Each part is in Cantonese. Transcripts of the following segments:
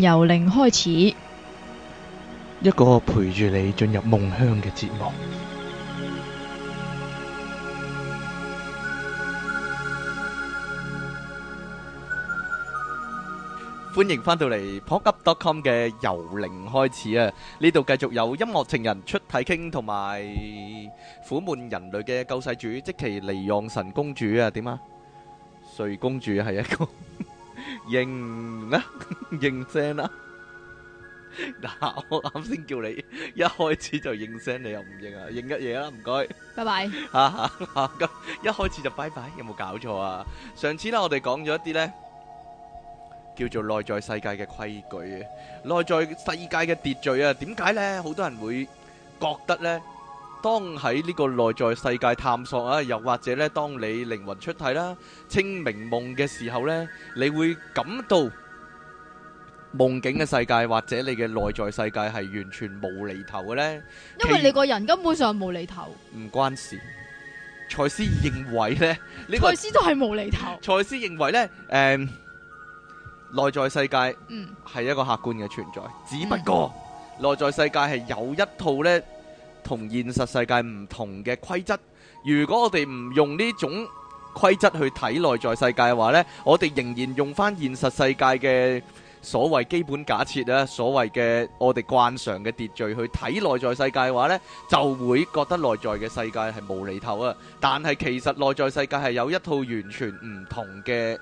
由零開始，一個陪住你進入夢鄉嘅節目。歡迎翻到嚟 popdotcom 嘅由零開始啊！呢度繼續有音樂情人出體傾，同埋苦悶人類嘅救世主，即其離讓神公主啊？點啊？睡公主係一個。應啦，應聲啦。嗱，我啱先叫你一開始就應聲，你又唔應啊？應一嘢啦，唔該。拜拜。吓吓吓，咁一開始就拜拜，有冇搞錯啊？上次咧，我哋講咗一啲咧，叫做內在世界嘅規矩，內在世界嘅秩序啊，點解咧，好多人會覺得咧？當喺呢個內在世界探索啊，又或者咧，當你靈魂出體啦、清明夢嘅時候咧，你會感到夢境嘅世界或者你嘅內在世界係完全無厘頭嘅咧。因為你個人根本上無厘頭。唔關事。蔡斯認為咧，你個蔡斯都係無厘頭。蔡斯認為咧，誒，內在世界，嗯，係一個客觀嘅存在，只不過內在世界係有一套咧。同現實世界唔同嘅規則，如果我哋唔用呢種規則去睇內在世界嘅話，呢我哋仍然用翻現實世界嘅所謂基本假設啊，所謂嘅我哋慣常嘅秩序去睇內在世界嘅話，呢就會覺得內在嘅世界係無厘頭啊！但係其實內在世界係有一套完全唔同嘅。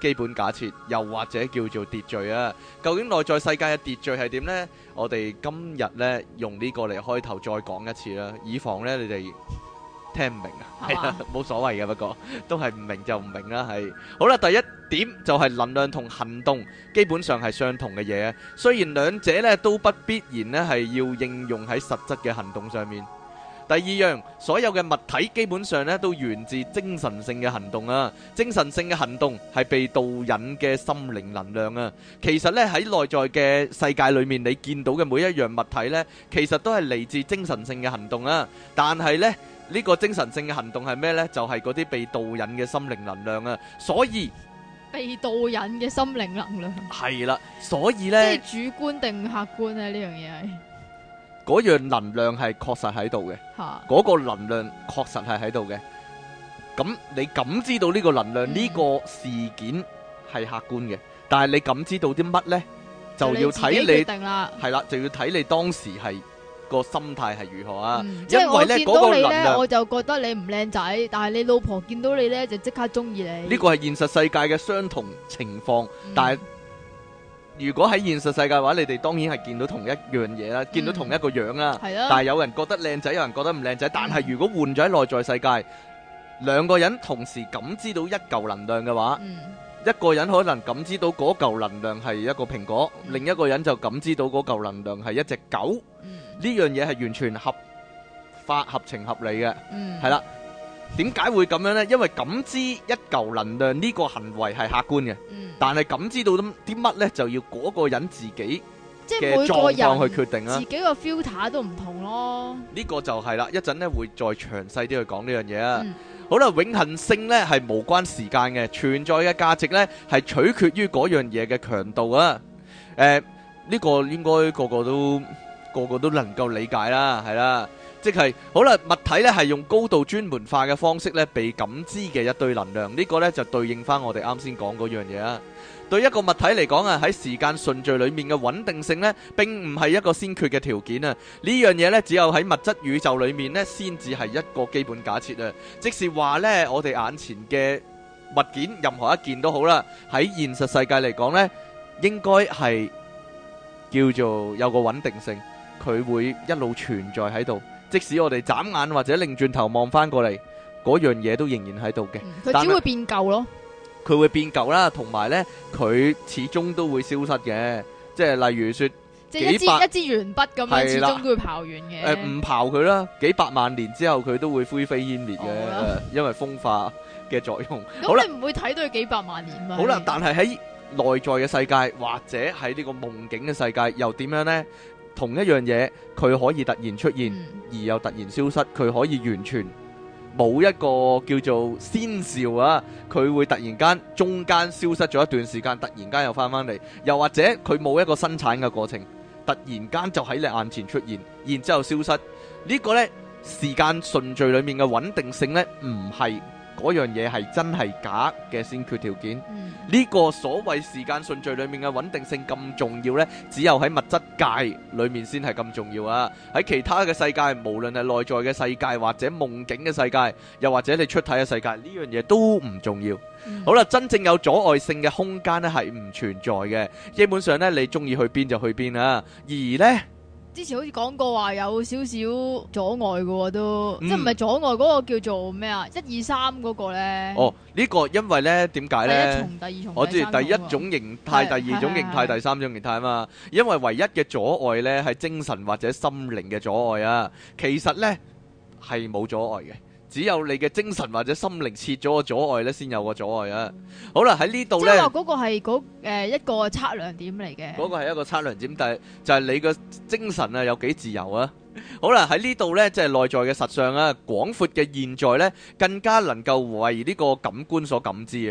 基本假設，又或者叫做秩序啊。究竟內在世界嘅秩序係點呢？我哋今日咧用呢個嚟開頭再講一次啦，以防咧你哋聽唔明啊。係啊，冇所謂嘅，不過都係唔明就唔明啦。係好啦，第一點就係能量同行動基本上係相同嘅嘢，雖然兩者咧都不必然咧係要應用喺實質嘅行動上面。第二樣，所有嘅物體基本上咧都源自精神性嘅行動啊！精神性嘅行動係被導引嘅心靈能量啊！其實咧喺內在嘅世界裏面，你見到嘅每一樣物體咧，其實都係嚟自精神性嘅行動啊！但係咧呢個精神性嘅行動係咩咧？就係嗰啲被導引嘅心靈能量啊！所以被導引嘅心靈能量係啦，所以咧即係主觀定客觀啊呢樣嘢。係嗰樣能量係確實喺度嘅，嗰、嗰個能量確實係喺度嘅。咁你感知到呢個能量，呢、嗯呢個事件係客觀嘅，但係你感知到啲乜呢？就要睇你係啦，就要睇你當時係、嗰個心態係如何啊。嗯、因為咧我見到你呢，嗰、嗰個能量，我就覺得你唔靚仔，但係你老婆見到你呢，就即刻中意你。呢、呢個係現實世界嘅相同情況，嗯、但係。如果喺現實世界話，你哋當然係見到同一樣嘢啦，見到同一個樣啦、嗯。但係有人覺得靚仔，有人覺得唔靚仔。但係如果換咗喺內在世界、嗯，兩個人同時感知到一嚿能量嘅話、嗯，一個人可能感知到嗰嚿能量係一個蘋果、嗯，另一個人就感知到嗰嚿能量係一隻狗。呢、嗯、樣嘢係完全合法合情合理嘅。係啦、嗯。點解會咁樣咧？因為感知一嚿能量呢個行為係客觀嘅，但係感知到啲乜咧，就要嗰個人自己嘅狀況去決定啦。自己個 filter 都唔同咯。呢個就係啦，一陣咧會再詳細啲去講呢樣嘢啊。好啦，永恆性咧係無關時間嘅存在嘅價值咧係取決於嗰樣嘢嘅強度啊。誒，呢個應該個個都個個都能夠理解啦，係啦。即係好啦，物體咧係用高度專門化嘅方式咧被感知嘅一堆能量，呢個咧就對應翻我哋啱先講嗰樣嘢啊。對一個物體嚟講啊，喺時間順序裡面嘅穩定性咧並唔係一個先決嘅條件啊。呢樣嘢咧只有喺物質宇宙裡面咧先至係一個基本假設啊。即是話咧，我哋眼前嘅物件任何一件都好啦，喺現實世界嚟講咧應該係叫做有個穩定性，佢會一路存在喺度。即使我哋眨眼或者擰轉頭望翻過嚟，嗰樣嘢都仍然喺度嘅。佢只會變舊咯。佢會變舊啦，同埋咧，佢始終都會消失嘅。即係例如說，即係一支一支鉛筆咁樣，始終都會刨完嘅。誒，唔刨佢啦，幾百萬年之後佢都會灰飛煙滅嘅，因為風化嘅作用。咁你唔會睇到佢幾百萬年嘛？好啦，但係喺內在嘅世界或者喺呢個夢境嘅世界，又點樣咧？同一樣嘢，佢可以突然出現，而又突然消失。佢可以完全冇一個叫做先兆啊！佢會突然間中間消失咗一段時間，突然間又翻返嚟。又或者佢冇一個生產嘅過程，突然間就喺你眼前出現，然之後消失。呢、這個呢時間順序裡面嘅穩定性呢，唔係。嗰樣嘢係真係假嘅先決條件，呢個所謂時間順序裏面嘅穩定性咁重要呢，只有喺物質界裏面先係咁重要啊！喺其他嘅世界，無論係內在嘅世界或者夢境嘅世界，又或者你出體嘅世界，呢樣嘢都唔重要。好啦，真正有阻礙性嘅空間呢係唔存在嘅，基本上呢你中意去邊就去邊啊，而呢。之前好似講過話有少少阻礙嘅喎，都即係唔係阻礙嗰個叫做咩啊？一二三嗰個呢？哦，呢個因為呢點解呢？第一重、第二重、我知第一種形態、第二種形態、第三種形態啊嘛。因為唯一嘅阻礙呢係精神或者心靈嘅阻礙啊，其實呢係冇阻礙嘅。只有你嘅精神或者心靈切咗個阻礙咧，先有個阻礙啊！好啦，喺呢度咧，即係話嗰個係嗰，誒，一個測量點嚟嘅。嗰個係一個測量點，但係就係你個精神啊，有幾自由啊！好啦，喺呢度咧，即係內在嘅實相啊，廣闊嘅現在咧，更加能夠為呢個感官所感知啊，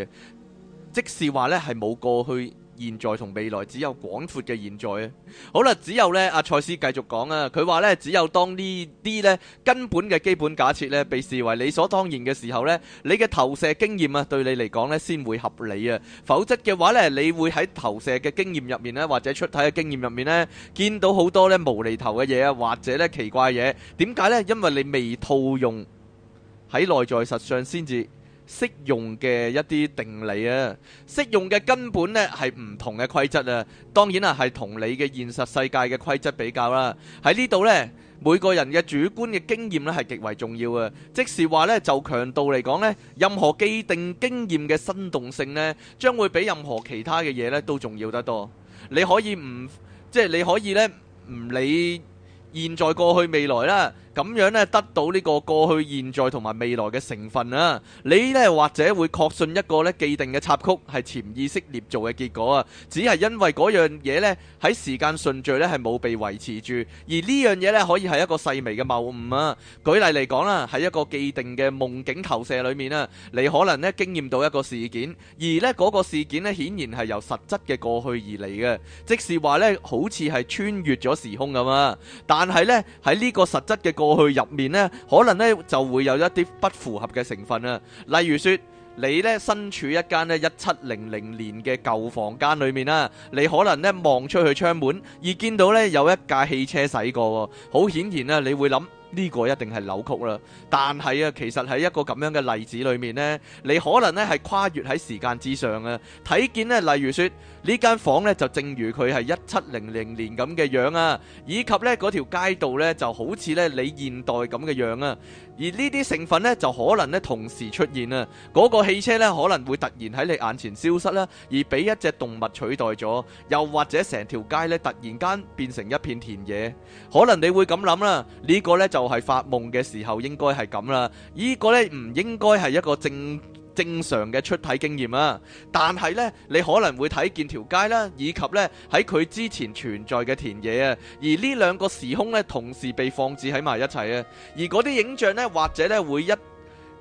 即是話咧係冇過去。現在同未來只有廣闊嘅現在啊！好啦，只有呢阿賽斯繼續講啊，佢話呢只有當呢啲呢根本嘅基本假設呢被視為理所當然嘅時候呢，你嘅投射經驗啊對你嚟講呢先會合理啊，否則嘅話呢你會喺投射嘅經驗入面呢或者出體嘅經驗入面呢見到好多呢無厘頭嘅嘢啊，或者呢奇怪嘢，點解呢？因為你未套用喺內在實相先至適用嘅一啲定理啊，適用嘅根本呢係唔同嘅規則啊。當然啦，係同你嘅現實世界嘅規則比較啦。喺呢度呢，每個人嘅主觀嘅經驗呢係極為重要嘅。即是話呢，就強度嚟講呢，任何既定經驗嘅生動性呢，將會比任何其他嘅嘢呢都重要得多。你可以唔，即係你可以呢，唔理現在、過去、未來啦。咁樣咧，得到呢個過去、現在同埋未來嘅成分啊。你咧或者會確信一個咧既定嘅插曲係潛意識捏造嘅結果啊？只係因為嗰樣嘢咧喺時間順序咧係冇被維持住，而呢樣嘢咧可以係一個細微嘅謬誤啊！舉例嚟講啦，喺一個既定嘅夢境投射裏面啊，你可能咧經驗到一個事件，而咧嗰個事件咧顯然係由實質嘅過去而嚟嘅，即是話咧好似係穿越咗時空咁啊！但係咧喺呢個實質嘅過過去入面呢，可能呢就會有一啲不符合嘅成分啊。例如說，你呢身處一間呢一七零零年嘅舊房間裏面啦，你可能呢望出去窗門而見到呢有一架汽車駛過，好顯然啊，你會諗。呢個一定係扭曲啦，但係啊，其實喺一個咁樣嘅例子裏面咧，你可能咧係跨越喺時間之上啊，睇見咧，例如說呢間房咧就正如佢係一七零零年咁嘅樣啊，以及咧嗰條街道咧就好似咧你現代咁嘅樣啊，而呢啲成分咧就可能咧同時出現啊，嗰個汽車咧可能會突然喺你眼前消失啦，而俾一隻動物取代咗，又或者成條街咧突然間變成一片田野，可能你會咁諗啦，呢個咧就。就係發夢嘅時候，應該係咁啦。呢個呢唔應該係一個正正常嘅出體經驗啊。但係呢，你可能會睇見條街啦，以及呢喺佢之前存在嘅田野啊。而呢兩個時空呢，同時被放置喺埋一齊啊。而嗰啲影像呢，或者呢會一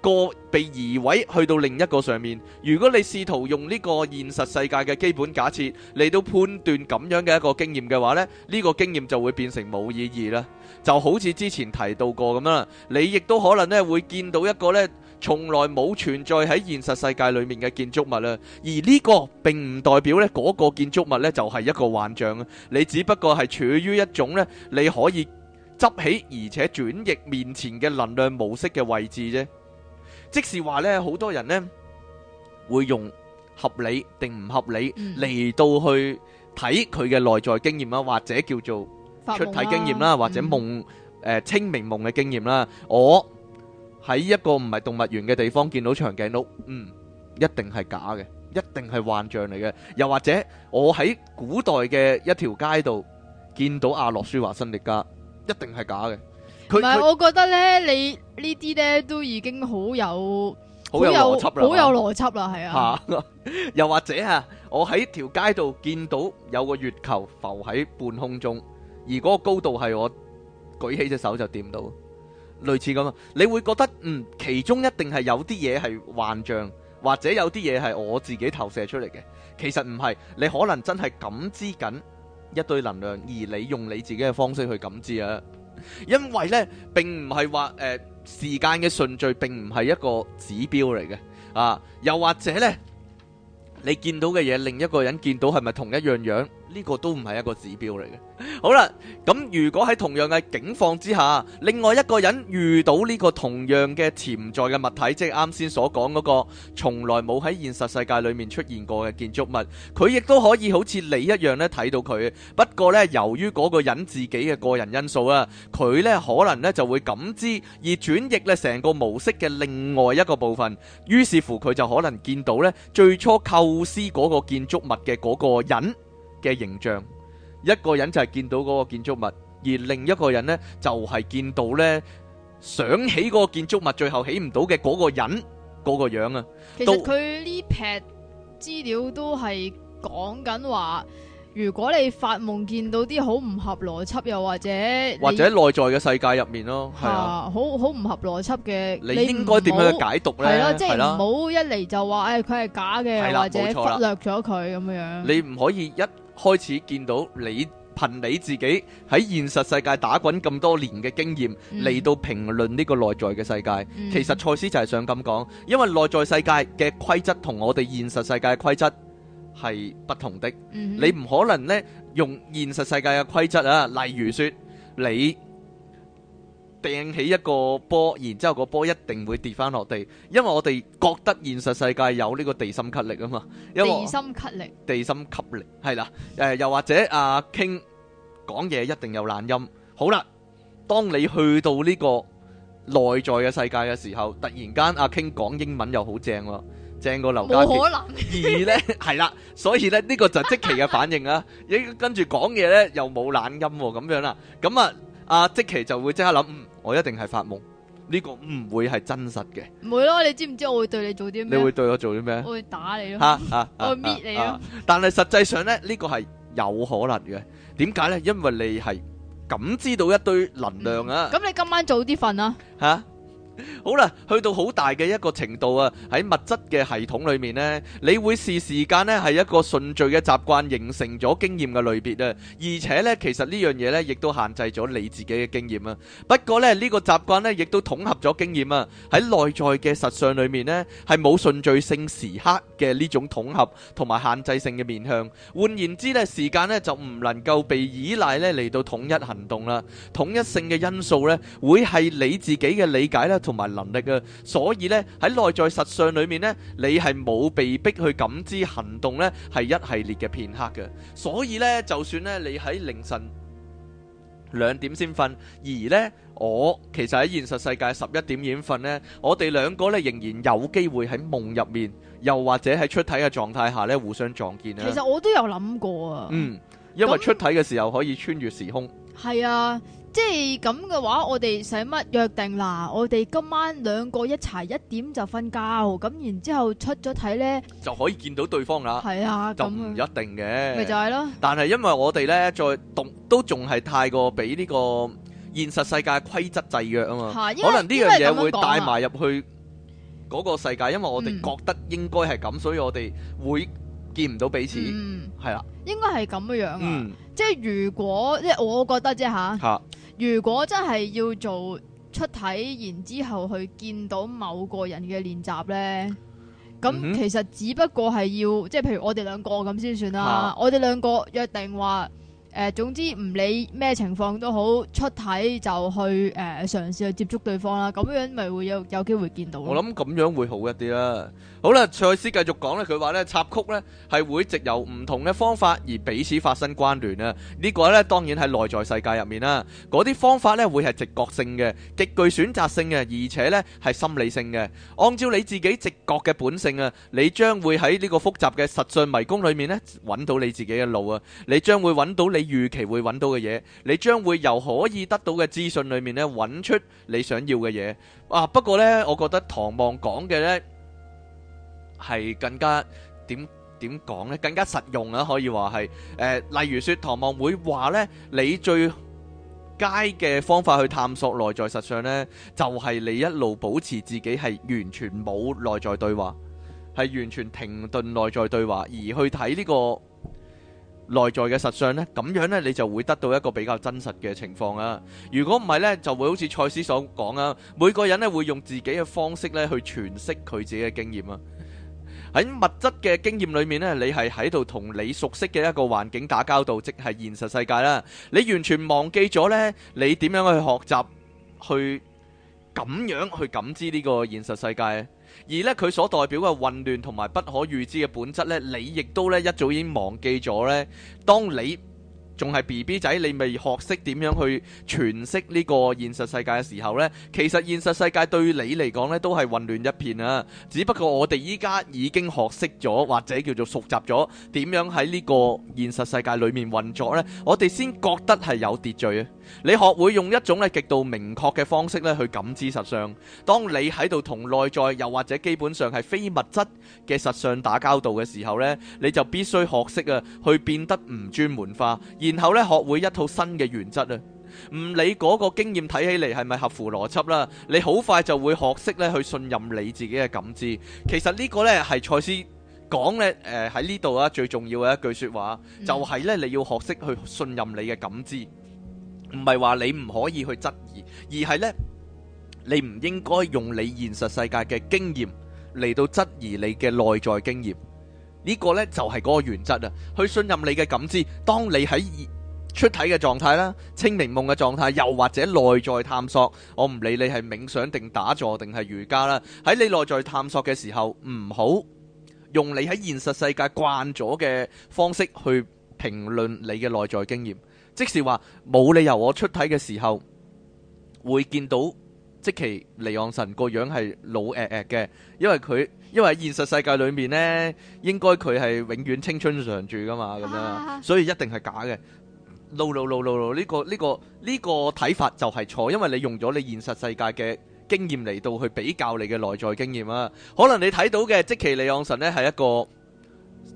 個被移位去到另一個上面。如果你試圖用呢個現實世界嘅基本假設嚟到判斷咁樣嘅一個經驗嘅話呢，呢個經驗就會變成冇意義啦。就好似之前提到過，你亦都可能咧會見到一個咧從來冇存在喺現實世界裏面嘅建築物，而呢個並唔代表咧嗰個建築物咧就係一個幻象，你只不過係處於一種咧你可以執起而且轉譯面前嘅能量模式嘅位置，即是話咧，好多人呢，會用合理，定唔合理，嚟到去睇佢嘅內在經驗，或者叫做出體經驗啦，或者夢誒清明夢嘅經驗啦。我喺一個唔係動物園嘅地方見到長頸鹿，嗯，一定係假嘅，一定係幻象嚟嘅。又或者我喺古代嘅一條街度見到阿諾舒華辛力加，一定係假嘅。佢唔係，我覺得咧，你呢啲咧都已經好有好有邏輯啦，係啊。又或者啊，我喺條街度見到有個月球浮喺半空中。而嗰個高度係我舉起隻手就掂到，類似咁啊！你會覺得嗯，其中一定係有啲嘢係幻象，或者有啲嘢係我自己投射出嚟嘅。其實唔係，你可能真係感知緊一堆能量，而你用你自己嘅方式去感知啊！因為呢，並唔係話誒時間嘅順序並唔係一個指標嚟嘅啊，又或者呢，你見到嘅嘢，另一個人見到係咪同一樣樣？呢個都唔係一個指標嚟嘅。好啦，咁如果喺同樣嘅境況之下，另外一個人遇到呢個同樣嘅潛在嘅物體，即係啱先所講嗰個從來冇喺現實世界裏面出現過嘅建築物，佢亦都可以好似你一樣咧，睇到佢。不過呢，由於嗰個人自己嘅個人因素啊，佢呢可能呢就會感知而轉移咧，成個模式嘅另外一個部分。於是乎，佢就可能見到呢最初構思嗰個建築物嘅嗰個人。嘅形象，一個人就係見到嗰個建築物，而另一個人呢就係見到呢想起嗰個建築物，最後起唔到嘅嗰個人嗰個樣啊。其實佢呢批資料都係講緊話，如果你發夢見到啲好唔合邏輯又或者或者內在嘅世界入面咯，係啊，好好唔合邏輯嘅，你應該點樣去解讀呢？係啦，即係唔好一嚟就話誒佢係假嘅，或者忽略咗佢咁樣樣。你唔可以一開始見到你憑你自己喺現實世界打滾咁多年嘅經驗嚟、嗯、到評論呢個內在嘅世界、嗯，其實賽斯就係想咁講，因為內在世界嘅規則同我哋現實世界嘅規則係不同的，嗯、你唔可能呢用現實世界嘅規則啊，例如說你。掟起一個波，然之後個波一定會跌翻落地，因為我哋覺得現實世界有呢個地心吸力啊嘛。因為地心吸力，地心吸力係啦，誒，又或者阿傾講嘢一定有懶音。好啦，當你去到呢個內在嘅世界嘅時候，突然間阿傾講英文又好正咯，正過劉嘉。冇可能。二咧係啦，所以咧呢個就積奇嘅反應啊，依跟住講嘢咧又冇懶音咁樣啦，咁啊阿積奇就會即刻諗嗯。我一定係發夢，呢個唔會係真實嘅。唔會咯，你知唔知我會對你做啲咩？你會對我做啲咩？我會打你咯。吓吓，我會搣你咯。但係實際上咧，呢個係有可能嘅。點解咧？因為你係感知到一堆能量啊。咁你今晚早啲瞓啊。吓。好啦，去到好大嘅一個程度啊，喺物質嘅系統裏面咧，你會視時間咧係一個順序嘅習慣形成咗經驗嘅類別啊，而且咧，其實呢樣嘢咧亦都限制咗你自己嘅經驗啊。不過咧，呢個習慣咧亦都統合咗經驗啊，喺內在嘅實相裏面咧係冇順序性時刻嘅呢種統合同埋限制性嘅面向。換言之咧，時間咧就唔能夠被依賴咧嚟到統一行動啦。統一性嘅因素咧會係你自己嘅理解啦。同埋能力嘅。所以呢，喺內在實相裏面呢，你係冇被逼去感知行動呢，係一系列嘅片刻嘅。所以呢，就算呢，你喺凌晨兩點先瞓，而呢，我其實喺現實世界十一點已經瞓呢，我哋兩個呢，仍然有機會喺夢入面，又或者喺出體嘅狀態下呢，互相撞見呢。其實我都有諗過啊。嗯，因為出體嘅時候可以穿越時空。係啊。即係咁嘅話，我哋使乜約定啦？我哋今晚兩個一齊一點就瞓覺，咁然之後出咗體咧，就可以見到對方啦。係啊，咁唔一定嘅。咪就係咯。但係因為我哋咧，再動都仲係太過俾呢個現實世界嘅規則制約啊嘛。係，因為因為咁樣講，可能呢樣嘢會帶埋入去嗰個世界，因為我哋覺得應該係咁，所以我哋會。見唔到彼此，係、嗯、啦、啊，應該係咁嘅樣啊。嗯、即係如果，即係我覺得啫吓、啊。如果真係要做出體，然之後去見到某個人嘅練習咧，咁其實只不過係要，嗯、即係譬如我哋兩個咁先算啦、啊啊。我哋兩個約定話誒，總之唔理咩情況都好，出體就去誒嘗試去接觸對方啦，咁樣咪會有有機會見到咯。我諗咁樣會好一啲啦。好啦，蔡斯繼續講咧，佢話咧，插曲咧係會藉由唔同嘅方法而彼此發生關聯啊。呢個咧當然係內在世界入面啦，嗰啲方法咧會係直覺性嘅，極具選擇性嘅，而且咧係心理性嘅。按照你自己直覺嘅本性啊，你將會喺呢個複雜嘅實在迷宮裏面咧搵到你自己嘅路啊，你將會搵到你預期會揾到嘅嘢，你將會由可以得到嘅資訊裡面咧揾出你想要嘅嘢。啊，不過呢，我覺得唐望講嘅呢係更加點點講咧，更加實用啦，啊。可以話係誒，例如說唐望會話呢，你最佳嘅方法去探索內在實相呢，就係、是、你一路保持自己係完全冇內在對話，係完全停頓內在對話，而去睇呢、這個。內在嘅實相呢，咁樣呢，你就會得到一個比較真實嘅情況啦。如果唔係呢，就會好似賽斯所講啊，每個人呢會用自己嘅方式呢去詮釋佢自己嘅經驗啊。喺物質嘅經驗裏面呢，你係喺度同你熟悉嘅一個環境打交道，即係現實世界啦。你完全忘記咗呢，你點樣去學習，去咁樣去感知呢個現實世界。而咧佢所代表嘅混亂同埋不可預知嘅本質咧，你亦都咧一早已經忘記咗咧。當你仲係 BB 仔，你未學識點樣去詮釋呢個現實世界嘅時候咧，其實現實世界對你嚟講咧都係混亂一片啊。只不過我哋依家已經學識咗，或者叫做熟習咗，點樣喺呢個現實世界裏面運作咧，我哋先覺得係有秩序啊！你學會用一種咧極度明確嘅方式咧去感知實相。當你喺度同內在又或者基本上係非物質嘅實相打交道嘅時候咧，你就必須學識啊去變得唔專門化。然後咧，學會一套新嘅原則啊！唔理嗰個經驗睇起嚟係咪合乎邏輯啦，你好快就會學識咧去信任你自己嘅感知。其實呢個咧係蔡司講嘅誒，喺呢度啊，最重要嘅一句說話，就係咧，你要學識去信任你嘅感知。唔係話你唔可以去質疑，而係咧，你唔應該用你現實世界嘅經驗嚟到質疑你嘅內在經驗。呢個呢，就係嗰個原則啊！去信任你嘅感知。當你喺出體嘅狀態啦、清明夢嘅狀態，又或者內在探索，我唔理你係冥想定打坐定係瑜伽啦。喺你內在探索嘅時候，唔好用你喺現實世界慣咗嘅方式去評論你嘅內在經驗。即是話冇理由，我出體嘅時候會見到。即其利昂神個樣係老誒誒嘅，因為佢因為喺現實世界裏面呢，應該佢係永遠青春常駐噶嘛咁啊，所以一定係假嘅。no no no no no 呢、呢個呢、呢個呢個睇法就係錯，因為你用咗你現實世界嘅經驗嚟到去比較你嘅內在經驗啊，可能你睇到嘅即其利昂神咧係一個。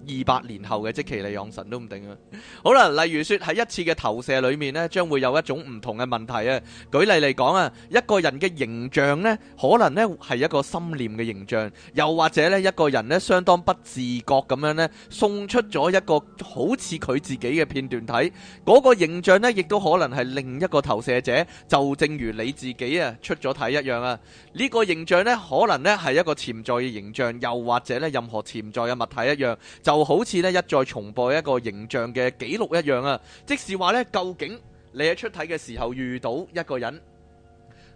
二百年後嘅即其利養神都唔定啊！好啦，例如說喺一次嘅投射裏面呢，將會有一種唔同嘅問題啊。舉例嚟講啊，一個人嘅形象呢，可能呢係一個心念嘅形象，又或者呢，一個人呢相當不自覺咁樣呢，送出咗一個好似佢自己嘅片段體嗰、嗰個形象呢，亦都可能係另一個投射者，就正如你自己啊出咗體一樣啊。呢、呢個形象呢，可能呢係一個潛在嘅形象，又或者呢，任何潛在嘅物體一樣。就好似呢一再重播一個形象嘅紀錄一樣啊！即是話呢，究竟你喺出體嘅時候遇到一個人，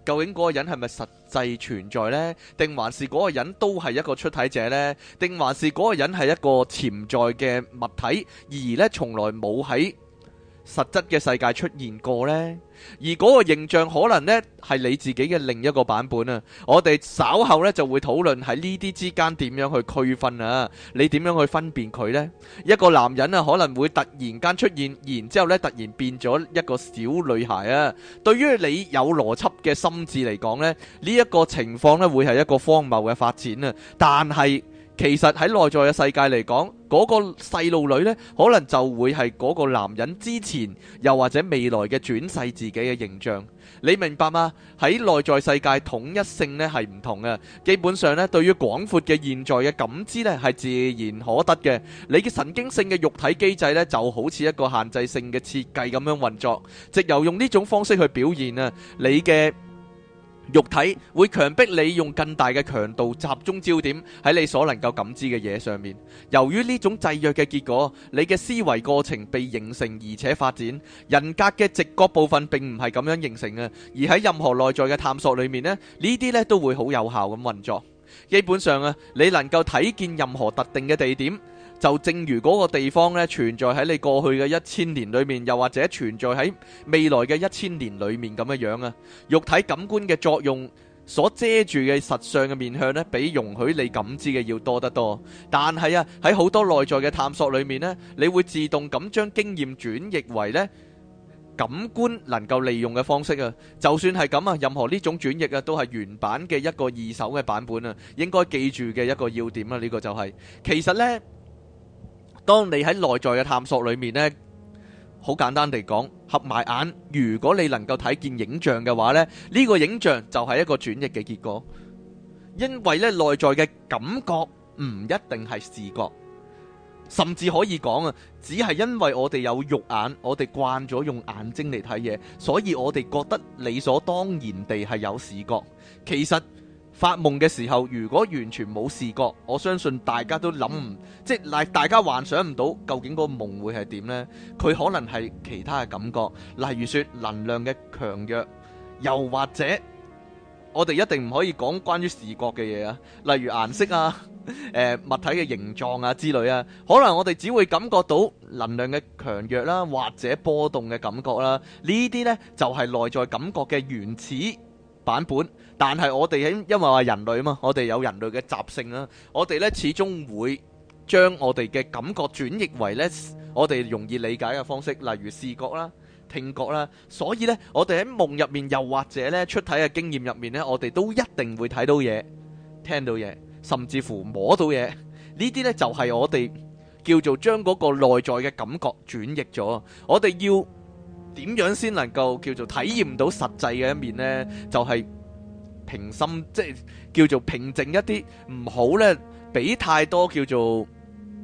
究竟嗰個人係咪實際存在呢？定還是嗰個人都係一個出體者呢？定還是嗰個人係一個潛在嘅物體，而呢從來冇喺。實質嘅世界出現過呢，而嗰個形象，可能呢係你自己嘅另一個版本啊！我哋稍後呢就會討論喺呢啲之間點樣去區分啊，你點樣去分辨佢呢？一個男人啊可能會突然間出現，然之後呢突然變咗一個小女孩啊！對於你有邏輯嘅心智嚟講呢，呢一個情況呢會係一個荒謬嘅發展啊！但係，其實喺內在嘅世界嚟講，嗰個細路女呢，可能就會係嗰個男人之前又或者未來嘅轉世自己嘅形象。你明白嗎？喺內在世界統一性呢係唔同嘅。基本上呢，對於廣闊嘅現在嘅感知呢係自然可得嘅。你嘅神經性嘅肉體機制呢就好似一個限制性嘅設計咁樣運作，藉由用呢種方式去表現啊！你嘅肉體會強迫你用更大嘅強度集中焦點喺你所能夠感知嘅嘢上面。由於呢種制約嘅結果，你嘅思維過程被形成而且發展。人格嘅直覺部分並唔係咁樣形成嘅，而喺任何內在嘅探索裏面咧，呢啲咧都會好有效咁運作。基本上啊，你能夠睇見任何特定嘅地點。就正如嗰個地方咧存在喺你過去嘅一千年裏面，又或者存在喺未來嘅一千年裏面咁嘅樣啊，肉體感官嘅作用所遮住嘅實相嘅面向咧，比容許你感知嘅要多得多。但係啊，喺好多內在嘅探索裏面咧，你會自動咁將經驗轉譯為咧感官能夠利用嘅方式啊。就算係咁啊，任何呢種轉譯啊，都係原版嘅一個二手嘅版本啊。應該記住嘅一個要點啊，呢個就係其實咧。當你喺內在嘅探索裏面呢，好簡單地講，合埋眼，如果你能夠睇見影像嘅話咧，呢、呢個影像就係一個轉譯嘅結果。因為咧內在嘅感覺唔一定係視覺，甚至可以講啊，只係因為我哋有肉眼，我哋慣咗用眼睛嚟睇嘢，所以我哋覺得理所當然地係有視覺。其實。發夢嘅時候，如果完全冇視覺，我相信大家都諗唔，即係嗱，大家幻想唔到究竟個夢會係點呢？佢可能係其他嘅感覺，例如說能量嘅強弱，又或者我哋一定唔可以講關於視覺嘅嘢啊，例如顏色啊、誒物體嘅形狀啊之類啊，可能我哋只會感覺到能量嘅強弱啦，或者波動嘅感覺啦，呢啲呢就係內在感覺嘅原始版本，但係我哋喺因為話人類嘛，我哋有人類嘅習性啦，我哋咧始終會將我哋嘅感覺轉譯為咧我哋容易理解嘅方式，例如視覺啦、聽覺啦，所以咧我哋喺夢入面，又或者咧出體嘅經驗入面咧，我哋都一定會睇到嘢、聽到嘢，甚至乎摸到嘢。呢啲咧就係我哋叫做將嗰個內在嘅感覺轉譯咗。我哋要。點樣先能夠叫做體驗到實際嘅一面呢？就係平心，即係叫做平靜一啲，唔好呢，俾太多叫做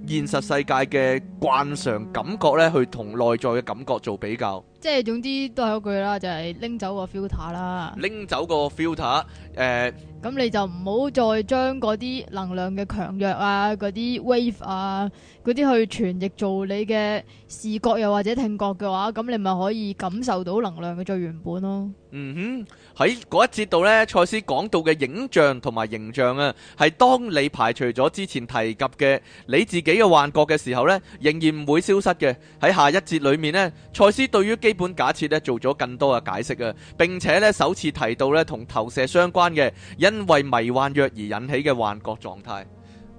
現實世界嘅慣常感覺呢去同內在嘅感覺做比較。即係總之都係一句啦，就係拎走個 filter 啦。拎走個 filter，誒。咁你就唔好再將嗰啲能量嘅強弱啊，嗰啲 wave 啊，嗰啲去傳譯做你嘅視覺又或者聽覺嘅話，咁你咪可以感受到能量嘅最原本咯。嗯哼，喺嗰一節度呢，賽斯講到嘅影像同埋形象啊，係當你排除咗之前提及嘅你自己嘅幻覺嘅時候呢，仍然唔會消失嘅。喺下一節裏面呢，賽斯對於基本假設呢，做咗更多嘅解釋啊，並且呢首次提到呢，同投射相關嘅一。因為迷幻藥而引起嘅幻覺狀態，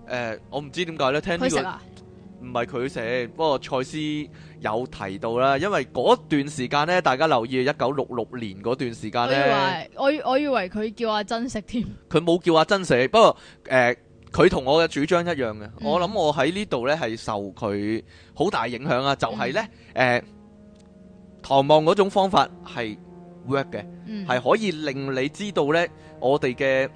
誒，我唔知點解咧，聽呢個唔係佢寫，不過蔡司有提到啦。因為嗰段時間咧，大家留意一九六六年嗰段時間咧，我我以為佢叫阿珍食添，佢冇叫阿珍食。不過誒，佢同我嘅主張一樣嘅，我諗我喺呢度咧係受佢好大影響啊。就係咧，誒，唐望嗰種方法係 work 嘅，係可以令你知道咧。我哋嘅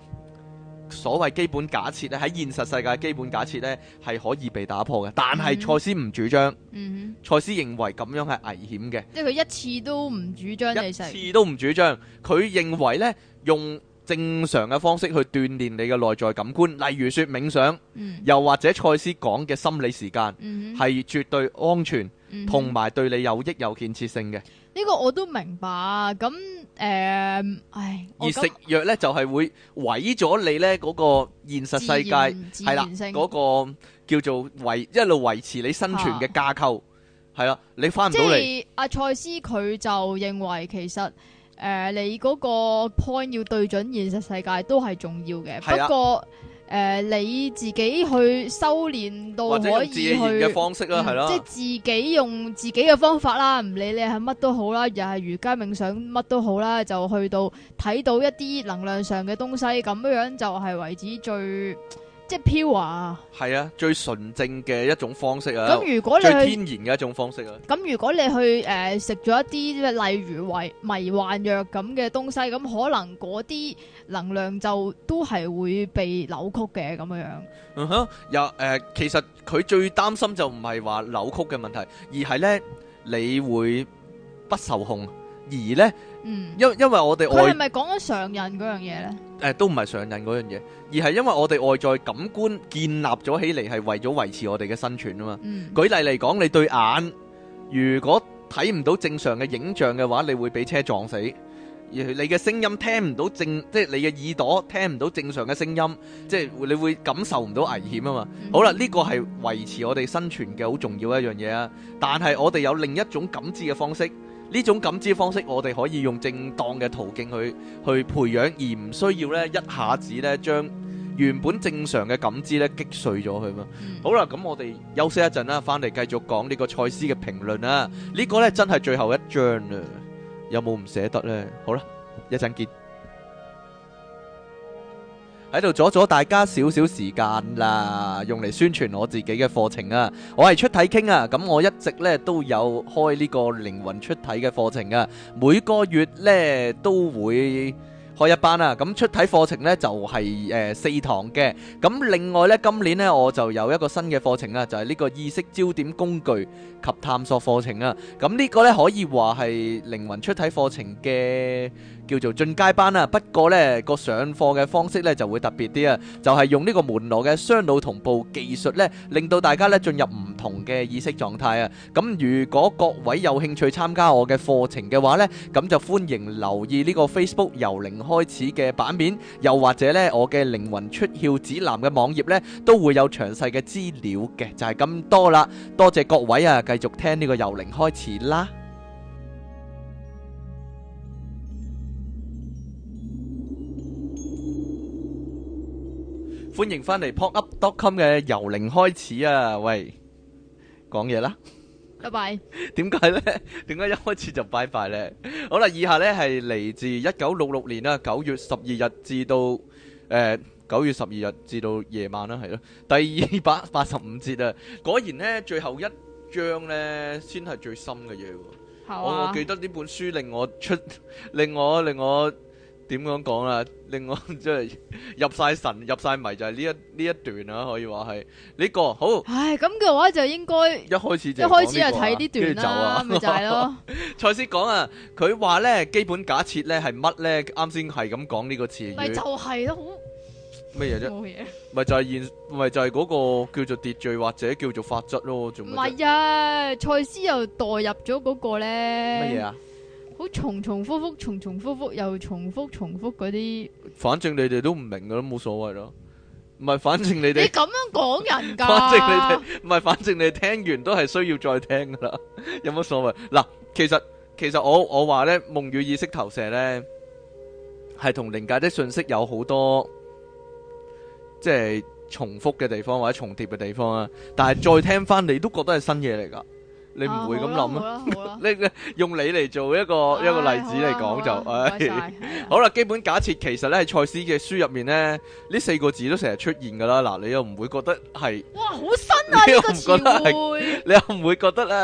所謂基本假設咧，喺現實世界的基本假設呢係可以被打破嘅，但係蔡司唔主張。蔡、嗯、司認為咁樣係危險嘅，即係佢一次都唔主張你試，一次都唔主張。佢認為呢，用正常嘅方式去鍛煉你嘅內在感官，例如說冥想，嗯、又或者蔡司講嘅心理時間，係、嗯、絕對安全，同、嗯、埋對你有益有建設性嘅。呢、這個我都明白、啊，咁誒、嗯，唉，而食藥咧就係、是、會毀咗你咧嗰個現實世界係啦，嗰個叫做維一路維持你生存嘅架構，係、啊、啦，你翻唔到嚟。阿賽斯佢就認為其實誒、呃、你嗰個 point 要對準現實世界都係重要嘅，不過。誒、呃，你自己去修煉到可以去嘅方式啦、啊，係咯，即係自己用自己嘅方法啦，唔理你係乜都好啦，又係瑜伽冥想乜都好啦，就去到睇到一啲能量上嘅東西咁樣樣，就係為止最。即係飄華，係啊，最純正嘅一種方式啊，最天然嘅一種方式啊。咁如果你去誒食咗一啲，例如為迷幻藥咁嘅東西，咁可能嗰啲能量就都係會被扭曲嘅咁樣樣。嗯哼，又誒，其實佢最擔心就唔係話扭曲嘅問題，而係咧，你會不受控。而呢，因因為我哋外，佢係咪講咗上癮嗰樣嘢呢？誒，都唔係上癮嗰樣嘢，而係因為我哋外在感官建立咗起嚟，係為咗維持我哋嘅生存啊嘛。舉例嚟講，你對眼如果睇唔到正常嘅影像嘅話，你會俾車撞死；而你嘅聲音聽唔到正，即係你嘅耳朵聽唔到正常嘅聲音，即係你會感受唔到危險啊嘛。好啦，呢個係維持我哋生存嘅好重要一樣嘢啊。但係我哋有另一種感知嘅方式。呢種感知方式，我哋可以用正當嘅途徑去去培養，而唔需要咧一下子咧將原本正常嘅感知咧擊碎咗佢嘛。好啦，咁我哋休息一陣啦，翻嚟繼續講呢個賽斯嘅評論啦。這個、呢個咧真係最後一章啦，有冇唔捨得呢？好啦，一陣見。喺度阻咗大家少少時間啦，用嚟宣傳我自己嘅課程啊！我係出體傾啊，咁我一直咧都有開呢個靈魂出體嘅課程啊，每個月咧都會開一班啊，咁出體課程呢就係、是、誒、呃、四堂嘅，咁另外呢，今年呢我就有一個新嘅課程啊，就係、是、呢個意識焦點工具及探索課程啊。咁呢個呢可以話係靈魂出體課程嘅，叫做進階班啦，不過呢個上課嘅方式呢就會特別啲啊，就係用呢個門羅嘅雙腦同步技術呢，令到大家呢進入唔同嘅意識狀態啊。咁如果各位有興趣參加我嘅課程嘅話呢，咁就歡迎留意呢個 Facebook 由零開始嘅版面，又或者呢我嘅靈魂出竅指南嘅網頁呢都會有詳細嘅資料嘅。就係咁多啦，多謝各位啊，繼續聽呢個由零開始啦。歡迎翻嚟 PodUp.Com 嘅由零開始啊！喂，講嘢啦，拜拜。點解呢？點解一開始就拜拜呢？好啦，以下呢係嚟自一九六六年啊九月十二日至到誒，九月十二日至到夜晚啦，係咯，第二百八十五節啊，果然呢最後一章呢先係最深嘅嘢。我記得呢本書令我出，令我令我。點樣講啊？另外即係入晒神入晒迷就係呢一呢一段啦，可以話係呢個好。唉，咁嘅話就應該一開始一開始就睇呢段啦，咪就係咯。蔡司講啊，佢話咧基本假設咧係乜咧？啱先係咁講呢個詞語，咪就係咯，好乜嘢啫？冇嘢。咪就係現，咪就係嗰個叫做秩序或者叫做法則咯。仲唔係啊？蔡司又代入咗嗰個咧乜嘢啊？好重重複複，重重複複，又重複重複嗰啲。反正你哋都唔明噶啦，冇所謂咯。唔係，反正你哋你咁樣講人噶。 反正你哋唔係，反正你聽完都係需要再聽噶啦。 有乜所謂？嗱，其實其實我我話咧，夢與意識投射咧，係同靈界的訊息有好多即係、就是、重複嘅地方或者重疊嘅地方啊。但係再聽翻、嗯，你都覺得係新嘢嚟噶。你唔會咁諗咯？啊、 用你嚟做一個一個例子嚟講就，唉、哎，好啦、哎， 基本假設其實咧喺賽斯嘅書入面咧，呢四個字都成日出現噶啦。嗱，你又唔會覺得係？哇，好新啊！呢個詞彙，你又唔會覺得咧？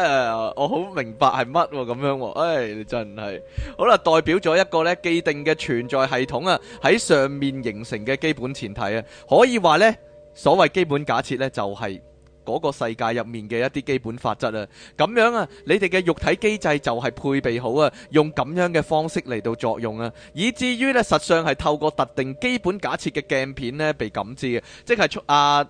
我好明白係乜咁樣喎、啊？唉、哎，你真係好啦，代表咗一個咧既定嘅存在系統啊，喺上面形成嘅基本前提啊，可以話咧所謂基本假設咧就係、是。嗰、那個世界入面嘅一啲基本法則啊，咁樣啊，你哋嘅肉體機制就係配備好啊，用咁樣嘅方式嚟到作用啊，以至於呢，實上係透過特定基本假設嘅鏡片呢，被感知嘅，即係出啊。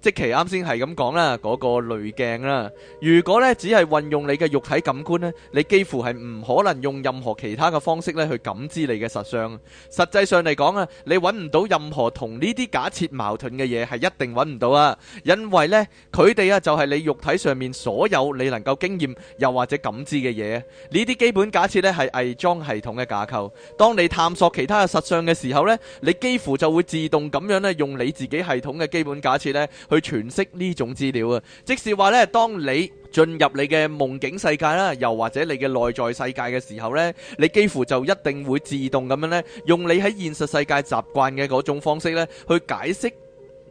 即其啱先係咁講啦，嗰、嗰個濾鏡啦。如果咧只係運用你嘅肉體感官呢，你幾乎係唔可能用任何其他嘅方式咧去感知你嘅實相。實際上嚟講啊，你揾唔到任何同呢啲假設矛盾嘅嘢係一定揾唔到啊，因為呢，佢哋啊就係你肉體上面所有你能夠經驗又或者感知嘅嘢。呢啲基本假設咧係偽裝系統嘅架構。當你探索其他嘅實相嘅時候呢，你幾乎就會自動咁樣咧用你自己系統嘅基本假設呢，去詮釋呢種資料啊，即是話呢，當你進入你嘅夢境世界啦，又或者你嘅內在世界嘅時候呢，你幾乎就一定會自動咁樣呢，用你喺現實世界習慣嘅嗰種方式呢，去解釋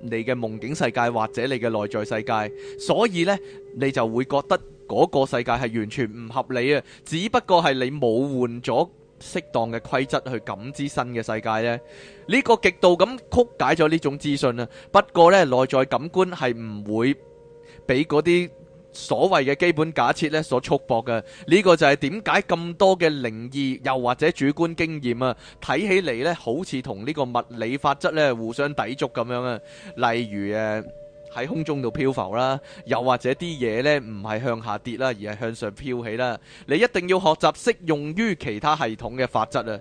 你嘅夢境世界或者你嘅內在世界，所以呢，你就會覺得嗰個世界係完全唔合理啊，只不過係你冇換咗。適當嘅規則去感知新嘅世界呢，呢個極度咁曲解咗呢種資訊啊，不過呢，內在感官係唔會俾嗰啲所謂嘅基本假設呢所束縛嘅。呢個就係點解咁多嘅靈異又或者主觀經驗啊，睇起嚟呢好似同呢個物理法則呢互相抵觸咁樣啊。例如誒。喺空中度漂浮啦，又或者啲嘢呢唔係向下跌啦，而係向上飄起啦。你一定要學習適用於其他系統嘅法則啊！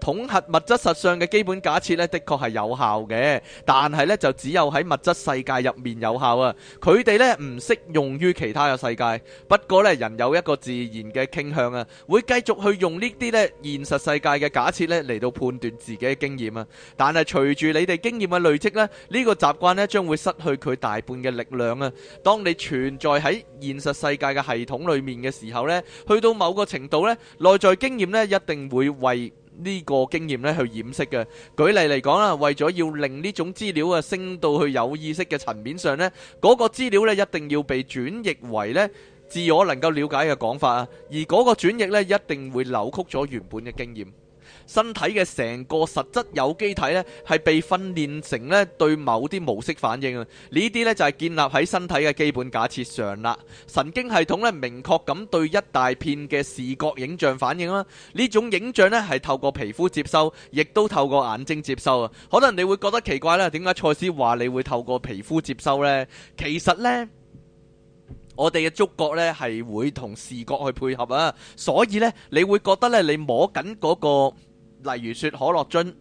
統合物質實相嘅基本假設呢，的確係有效嘅，但係呢，就只有喺物質世界入面有效啊。佢哋呢，唔適用於其他嘅世界。不過呢，人有一個自然嘅傾向啊，會繼續去用呢啲呢現實世界嘅假設呢嚟到判斷自己嘅經驗啊。但係隨住你哋經驗嘅累積呢，呢個習慣呢，將會失去佢大半嘅力量啊。當你存在喺現實世界嘅系統裏面嘅時候呢，去到某個程度呢，內在經驗呢，一定會為。呢個經驗咧，去掩飾嘅。舉例嚟講啦，為咗要令呢種資料啊升到去有意識嘅層面上咧，嗰個資料呢，一定要被轉譯為自我能夠了解嘅講法啊，而嗰個轉譯咧，一定會扭曲咗原本嘅經驗。身體嘅成個實質有機體咧，係被訓練成咧對某啲模式反應啊！呢啲咧就係建立喺身體嘅基本假設上啦。神經系統咧，明確咁對一大片嘅視覺影像反應啦。呢種影像咧，係透過皮膚接收，亦都透過眼睛接收啊。可能你會覺得奇怪啦，點解賽斯話你會透過皮膚接收呢？其實呢，我哋嘅觸覺咧係會同視覺去配合啊，所以呢，你會覺得咧，你摸緊嗰、那個。例如說可樂樽，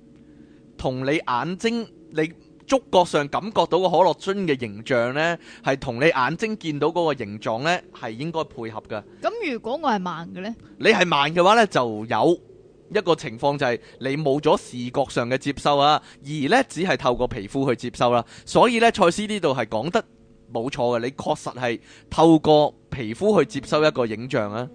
同你眼睛、你觸覺上感覺到個可樂樽嘅形象呢，係同你眼睛見到嗰個形狀呢，係應該配合噶。咁如果我係盲嘅呢？你係盲嘅話呢，就有一個情況就係你冇咗視覺上嘅接收啊，而呢只係透過皮膚去接收啦、啊。所以呢，蔡司呢度係講得冇錯嘅，你確實係透過皮膚去接收一個影像啊。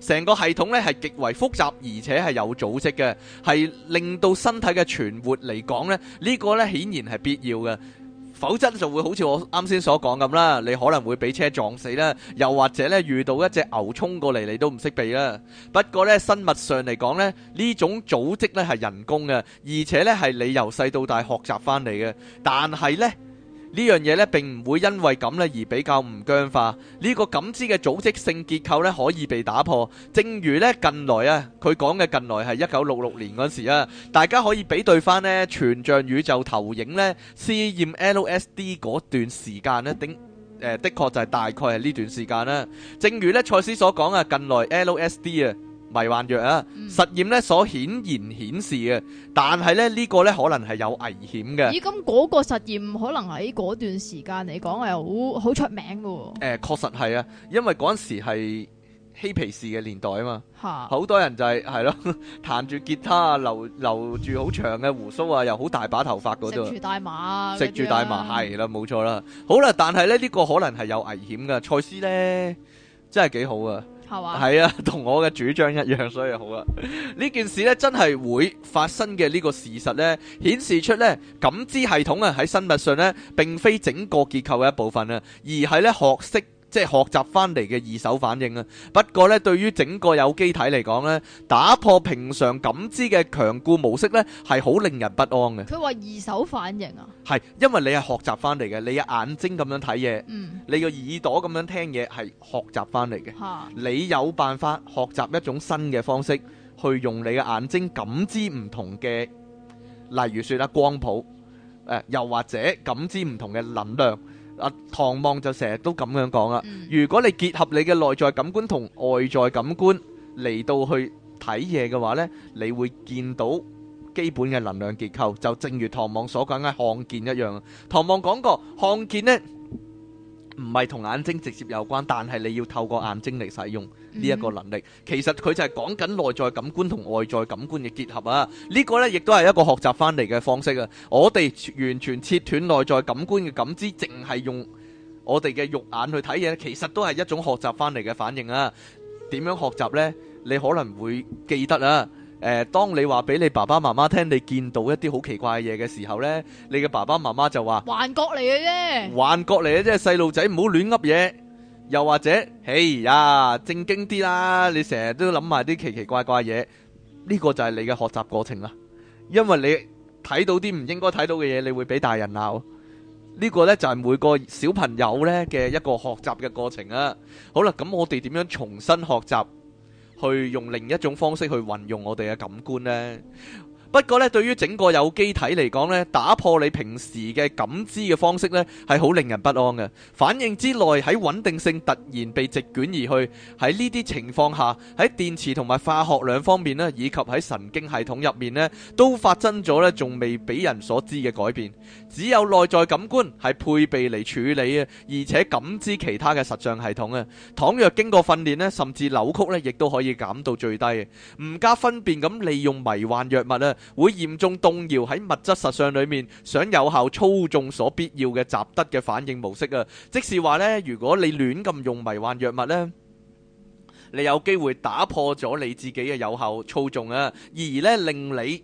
成個系統咧係極為複雜，而且係有組織嘅，係令到身體嘅存活嚟講呢，呢個呢顯然係必要嘅，否則就會好似我啱先所講咁啦。你可能會俾車撞死啦，又或者呢遇到一隻牛衝過嚟，你都唔識避啦。不過呢，生物上嚟講呢，呢種組織呢係人工嘅，而且呢係你由細到大學習翻嚟嘅，但係呢。呢樣嘢呢並唔會因為咁呢而比較唔僵化，呢個感知嘅組織性結構呢可以被打破。正如呢近來啊，佢講嘅近來係一九六六年嗰時啊，大家可以比對翻呢全像宇宙投影呢試驗 LSD 嗰段時間呢頂誒的確就係大概係呢段時間啦。正如呢賽斯所講啊，近來 LSD 啊。迷幻藥啊！嗯、實驗咧所顯然顯示嘅，但係咧呢、這個咧可能係有危險嘅。咦？咁嗰個實驗可能喺嗰段時間嚟講係好好出名嘅。誒、呃，確實係啊，因為嗰陣時係嬉皮士嘅年代啊嘛。吓，好多人就係係咯彈住吉他啊，留留住好長嘅鬍鬚啊，又好大把頭髮嗰度。食住大麻食住大麻，係啦，冇、啊、錯啦。好啦，但係咧呢、這個可能係有危險嘅。蔡司咧真係幾好啊！係 啊，同我嘅主張一樣，所以好啦。呢 件事呢真係會發生嘅呢個事實呢，顯示出呢，感知系統啊喺生物上呢，並非整個結構嘅一部分，而係呢學識。即係學習翻嚟嘅二手反應啊！不過呢，對於整個有機體嚟講呢，打破平常感知嘅強固模式呢，係好令人不安嘅。佢話二手反應啊？係，因為你係學習翻嚟嘅，你嘅眼睛咁樣睇嘢，嗯，你個耳朵咁樣聽嘢，係學習翻嚟嘅。你有辦法學習一種新嘅方式，去用你嘅眼睛感知唔同嘅，例如說啦，光譜、呃，又或者感知唔同嘅能量。啊，唐望就成日都咁樣講啦。如果你結合你嘅內在感官同外在感官嚟到去睇嘢嘅話呢，你會見到基本嘅能量結構，就正如唐望所講嘅看見一樣。唐望講過，看見呢唔係同眼睛直接有關，但係你要透過眼睛嚟使用。呢一個能力，其實佢就係講緊內在感官同外在感官嘅結合啊！呢個咧亦都係一個學習翻嚟嘅方式啊！我哋完全切斷內在感官嘅感知，淨係用我哋嘅肉眼去睇嘢，其實都係一種學習翻嚟嘅反應啊！點樣學習咧？你可能會記得啊！誒，當你話俾你爸爸媽媽聽，你見到一啲好奇怪嘅嘢嘅時候咧，你嘅爸爸媽媽就話幻覺嚟嘅啫，幻覺嚟嘅啫，細路仔唔好亂噏嘢。又或者，哎呀，正經啲啦！你成日都諗埋啲奇奇怪怪嘢，呢個就係你嘅學習過程啦。因為你睇到啲唔應該睇到嘅嘢，你會俾大人鬧。呢個呢，就係每個小朋友呢嘅一個學習嘅過程啊。好啦，咁我哋點樣重新學習，去用另一種方式去運用我哋嘅感官呢？不過呢對於整個有機體嚟講呢，打破你平時嘅感知嘅方式呢，係好令人不安嘅反應之內在穩定性突然被席捲而去。喺呢啲情況下，喺電磁同埋化學兩方面以及喺神經系統入面呢，都發生咗咧仲未俾人所知嘅改變。只有內在感官係配備嚟處理啊，而且感知其他嘅實像系統啊。倘若經過訓練，甚至扭曲亦都可以減到最低。唔加分辨咁利用迷幻藥物會嚴重動搖喺物質實相裏面想有效操縱所必要嘅習得嘅反應模式啊。即是話呢，如果你亂咁用迷幻藥物呢，你有機會打破咗你自己嘅有效操縱啊，而呢令你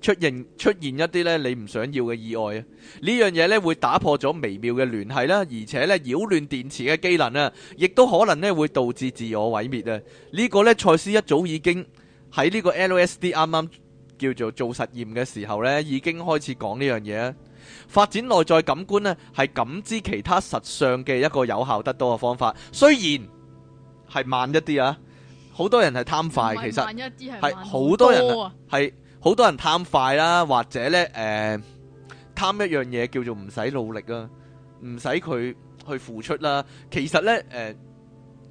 出現出現一啲呢你唔想要嘅意外啊。呢樣嘢呢會打破咗微妙嘅聯繫啦，而且呢擾亂電池嘅機能啊，亦都可能呢會導致自我毀滅啊。呢、這個呢，賽斯一早已經喺呢個 LSD 啱啱，叫做做實驗嘅時候呢，已經開始講呢樣嘢啦。發展內在感官呢，係感知其他實相嘅一個有效得多嘅方法。雖然係慢一啲啊，好多人係貪快是。其實係好多，多人係好多人貪快啦，啊，或者呢，誒、呃、貪一樣嘢，叫做唔使努力啊，唔使佢去付出啦，啊。其實呢。誒、呃。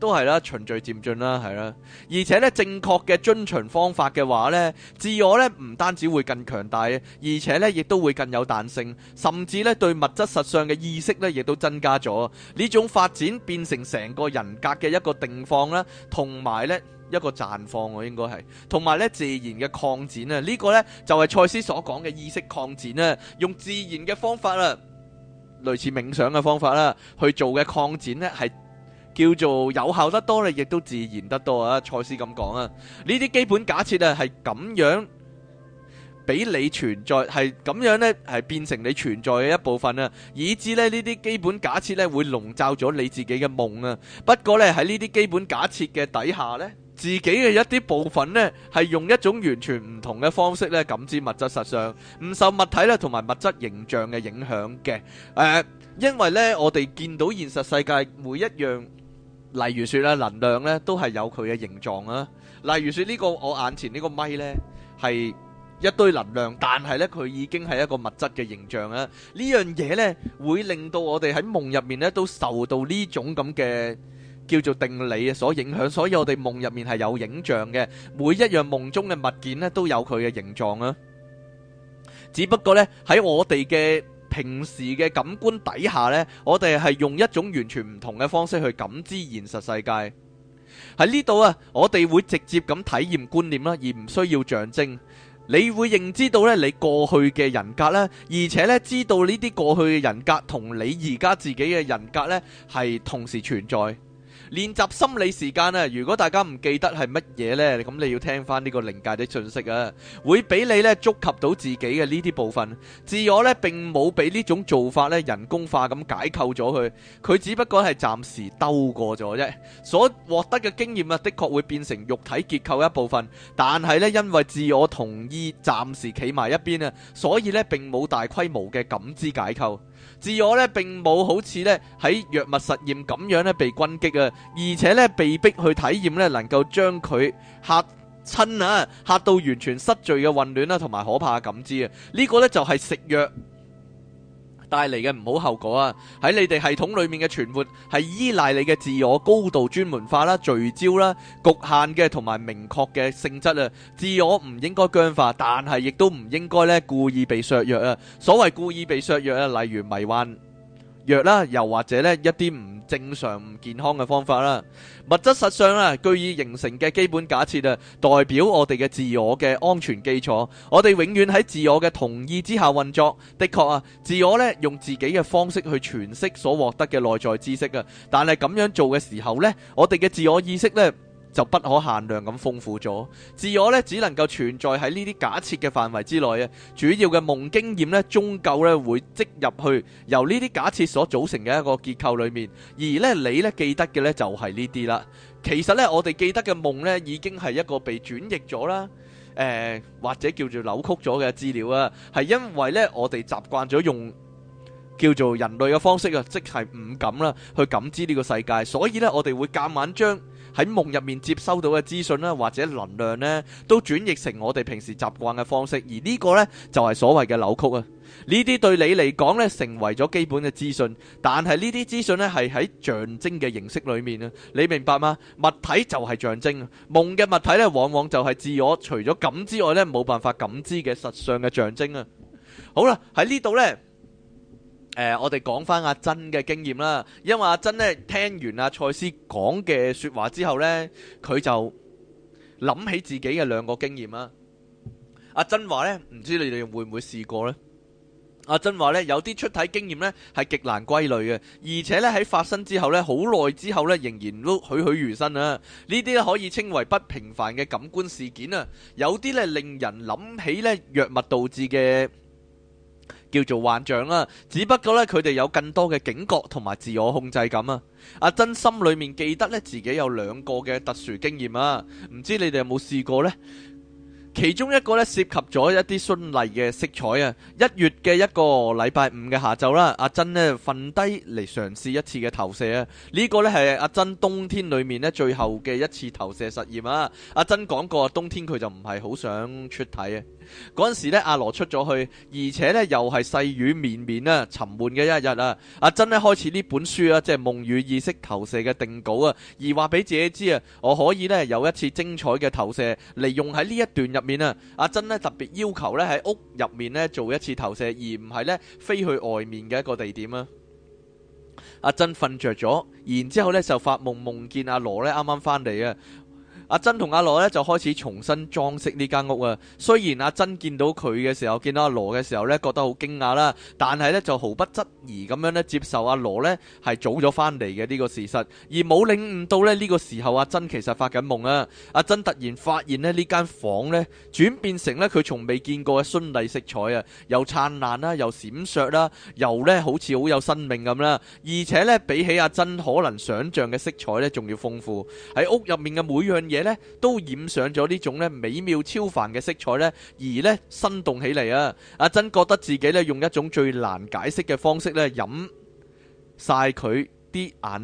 都係啦，循序漸進啦，係啦。而且咧，正確嘅遵循方法嘅話咧，自我呢唔單止會更強大，而且呢亦都會更有彈性，甚至呢對物質實上嘅意識呢亦都增加咗呢種發展，變成成個人格嘅一個定放啦，同埋呢一個綻放、啊，我應該係，同埋呢自然嘅擴展啊，呢、這個呢就係、是、賽斯所講嘅意識擴展啊，用自然嘅方法啦，類似冥想嘅方法啦、啊，去做嘅擴展呢係。叫做有效得多咧，亦都自然得多啊！塞斯咁講啊，呢啲基本假設啊係咁樣俾你存在，係咁樣咧係變成你存在嘅一部分啊，以致咧呢啲基本假設咧會籠罩咗你自己嘅夢啊。不過咧喺呢啲基本假設嘅底下咧，自己嘅一啲部分咧係用一種完全唔同嘅方式咧感知物質實相，唔受物體咧同埋物質形象嘅影響嘅。誒，因為咧我哋見到現實世界每一樣。例如說咧能量咧都係有佢嘅形狀啊，例如說呢個我眼前呢個咪咧係一堆能量，但係咧佢已經係一個物質嘅形象啊。呢樣嘢咧會令到我哋喺夢入面咧都受到呢種咁嘅叫做定理所影響，所以我哋夢入面係有影像嘅，每一樣夢中嘅物件咧都有佢嘅形狀啊。只不過咧喺我哋嘅平時嘅感官底下呢，我哋係用一種完全唔同嘅方式去感知現實世界。喺呢度啊，我哋會直接咁體驗觀念啦，而唔需要象徵。你會認知到呢，你過去嘅人格啦，而且呢，知道呢啲過去嘅人格同你而家自己嘅人格呢，係同時存在。練習心理時間咧，如果大家唔記得係乜嘢呢？咁你要聽翻呢個靈界的訊息啊，會俾你咧觸及到自己嘅呢啲部分。自我呢，並冇俾呢種做法咧人工化咁解構咗佢，佢只不過係暫時兜過咗啫。所獲得嘅經驗啊，的確會變成肉體結構一部分，但係呢，因為自我同意暫時企埋一邊啊，所以呢，並冇大規模嘅感知解構。自我咧並冇好似咧喺藥物實驗咁樣咧被轟擊啊，而且咧被逼去體驗咧能夠將佢嚇親啊嚇到完全失序嘅混亂啦同埋可怕嘅感知啊，呢個咧就係食藥。帶嚟嘅唔好後果啊！喺你哋系統裏面嘅存活，係依賴你嘅自我高度專門化啦、聚焦啦、局限嘅同埋明確嘅性質啊！自我唔應該僵化，但係亦都唔應該咧故意被削弱啊！所謂故意被削弱啊，例如迷幻。藥啦，又或者咧一啲唔正常唔健康嘅方法啦。物質實相具據以形成嘅基本假設啊，代表我哋嘅自我嘅安全基礎。我哋永遠喺自我嘅同意之下運作。的確啊，自我呢用自己嘅方式去詮釋所獲得嘅內在知識啊。但係咁樣做嘅時候呢，我哋嘅自我意識呢，就不可限量咁豐富咗，自我咧只能夠存在喺呢啲假設嘅範圍之內啊！主要嘅夢經驗咧，終究咧會積入去由呢啲假設所組成嘅一個結構裏面，而咧你咧記得嘅咧就係呢啲啦。其實咧，我哋記得嘅夢咧已經係一個被轉譯咗啦，誒或者叫做扭曲咗嘅資料啊，係因為咧我哋習慣咗用叫做人類嘅方式啊，即係五感啦去感知呢個世界，所以咧我哋會夾硬將，喺夢入面接收到嘅資訊咧，或者能量咧，都轉譯成我哋平時習慣嘅方式，而呢個咧就係所謂嘅扭曲啊！呢啲對你嚟講咧，成為咗基本嘅資訊，但係呢啲資訊咧係喺象徵嘅形式裏面啊！你明白嗎？物體就係象徵啊！夢嘅物體咧，往往就係自我除咗感知之外咧，冇辦法感知嘅實相嘅象徵啊！好啦，喺呢度咧。誒、呃，我哋講翻阿珍嘅經驗啦，因為阿珍呢聽完阿蔡司講嘅說話之後呢，佢就諗起自己嘅兩個經驗啦。阿珍話呢，唔知你哋會唔會試過呢？阿珍話呢，有啲出體經驗呢係極難歸類嘅，而且呢喺發生之後呢好耐之後呢仍然都栩栩如生啊！呢啲可以稱為不平凡嘅感官事件啊！有啲呢令人諗起呢藥物導致嘅叫做幻象啦，只不過咧佢哋有更多嘅警覺同埋自我控制感啊！阿珍心裏面記得咧自己有兩個嘅特殊經驗啊，唔知你哋有冇試過呢？其中一個咧涉及咗一啲絢麗嘅色彩啊！一月嘅一個禮拜五嘅下晝啦，阿珍咧瞓低嚟嘗試一次嘅投射啊！呢個咧係阿珍冬天裏面咧最後嘅一次投射實驗啊！阿珍講過啊，冬天佢就唔係好想出睇啊！嗰陣時咧阿羅出咗去，而且咧又係細雨綿綿啊，沉悶嘅一日啊！阿珍咧開始呢本書啊，即係夢與意識投射嘅定稿啊，而話俾自己知啊，我可以咧有一次精彩嘅投射利用喺呢一段入面啊！阿珍咧特別要求咧喺屋入面咧做一次投射，而唔係咧飛去外面嘅一個地點啊！阿珍瞓着咗，然之後咧就發夢，夢見阿羅咧啱啱返嚟啊！阿珍同阿羅咧就開始重新裝飾呢間屋啊。雖然阿珍見到佢嘅時候，見到阿羅嘅時候咧，覺得好驚訝啦，但係咧就毫不質疑咁樣咧接受阿羅咧係早咗翻嚟嘅呢個事實，而冇領悟到咧呢個時候阿珍其實發緊夢啊。阿珍突然發現咧呢間房咧轉變成咧佢從未見過嘅絢麗色彩啊，又燦爛啦，又閃爍啦，又咧好似好有生命咁啦，而且咧比起阿珍可能想象嘅色彩咧仲要豐富，喺屋入面嘅每樣嘢。都染上咗呢種呢美妙超凡嘅色彩呢而呢生動起嚟啊！阿珍覺得自己呢用一種最難解釋嘅方式呢飲晒佢.啲顏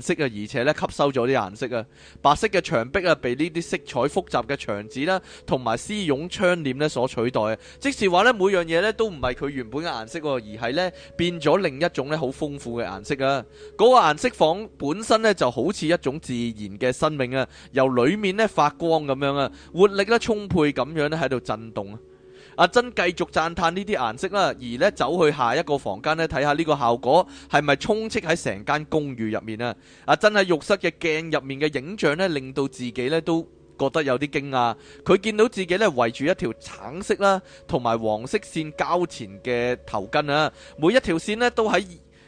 色啊，而且咧吸收咗啲顏色啊，白色嘅牆壁啊，被呢啲色彩複雜嘅牆紙啦，同埋絲絨窗簾呢所取代啊。即是話呢，每樣嘢呢都唔係佢原本嘅顏色，而係呢，變咗另一種呢好豐富嘅顏色啊。嗰個顏色房本身呢，就好似一種自然嘅生命啊，由裏面呢發光咁樣啊，活力呢充沛咁樣呢，喺度震動啊。阿珍繼續讚歎呢啲顏色啦，而呢，走去下一個房間呢，睇下呢個效果係咪充斥喺成間公寓入面啊！阿珍喺浴室嘅鏡入面嘅影像呢，令到自己呢都覺得有啲驚訝。佢見到自己呢圍住一條橙色啦同埋黃色線交纏嘅頭巾啊，每一條線呢都喺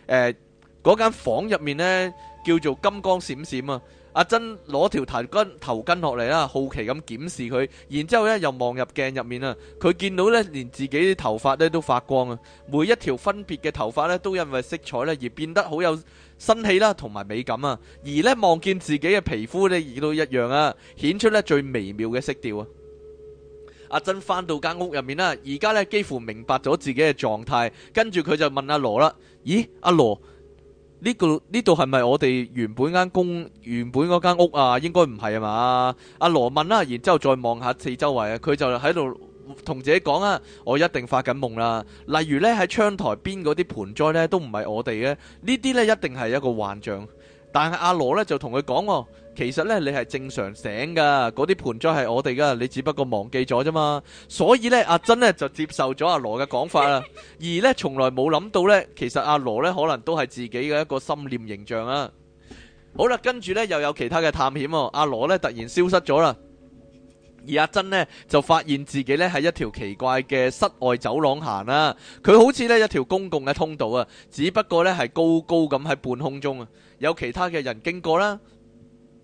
誒嗰間房入面呢，叫做金光閃閃啊！阿珍攞條頭巾，頭巾落嚟啦，好奇咁檢視佢，然之後呢，又望入鏡入面啊，佢見到呢，連自己啲頭髮呢都發光啊，每一條分別嘅頭髮呢，都因為色彩呢而變得好有生氣啦，同埋美感啊，而呢，望見自己嘅皮膚呢，亦都一樣啊，顯出呢最微妙嘅色調啊。阿珍翻到間屋入面啦，而家呢，幾乎明白咗自己嘅狀態，跟住佢就問阿羅啦：咦，阿羅？呢、這個呢度係咪我哋原本間工原本嗰間屋啊？應該唔係啊嘛？阿羅問啦，然之後再望下四周圍啊，佢就喺度同自己講啊，我一定發緊夢啦。例如呢，喺窗台邊嗰啲盆栽呢，都唔係我哋嘅，呢啲呢，一定係一個幻象。但係阿羅呢就、啊，就同佢講。其實呢，你係正常醒噶嗰啲盆栽係我哋噶你只不過忘記咗啫嘛。所以呢，阿珍呢就接受咗阿羅嘅講法啦，而呢從來冇諗到呢，其實阿羅呢可能都係自己嘅一個心念形象啊。好啦，跟住呢又有其他嘅探險哦。阿羅呢突然消失咗啦，而阿珍呢就發現自己呢喺一條奇怪嘅室外走廊行啦。佢好似呢一條公共嘅通道啊，只不過呢係高高咁喺半空中啊，有其他嘅人經過啦。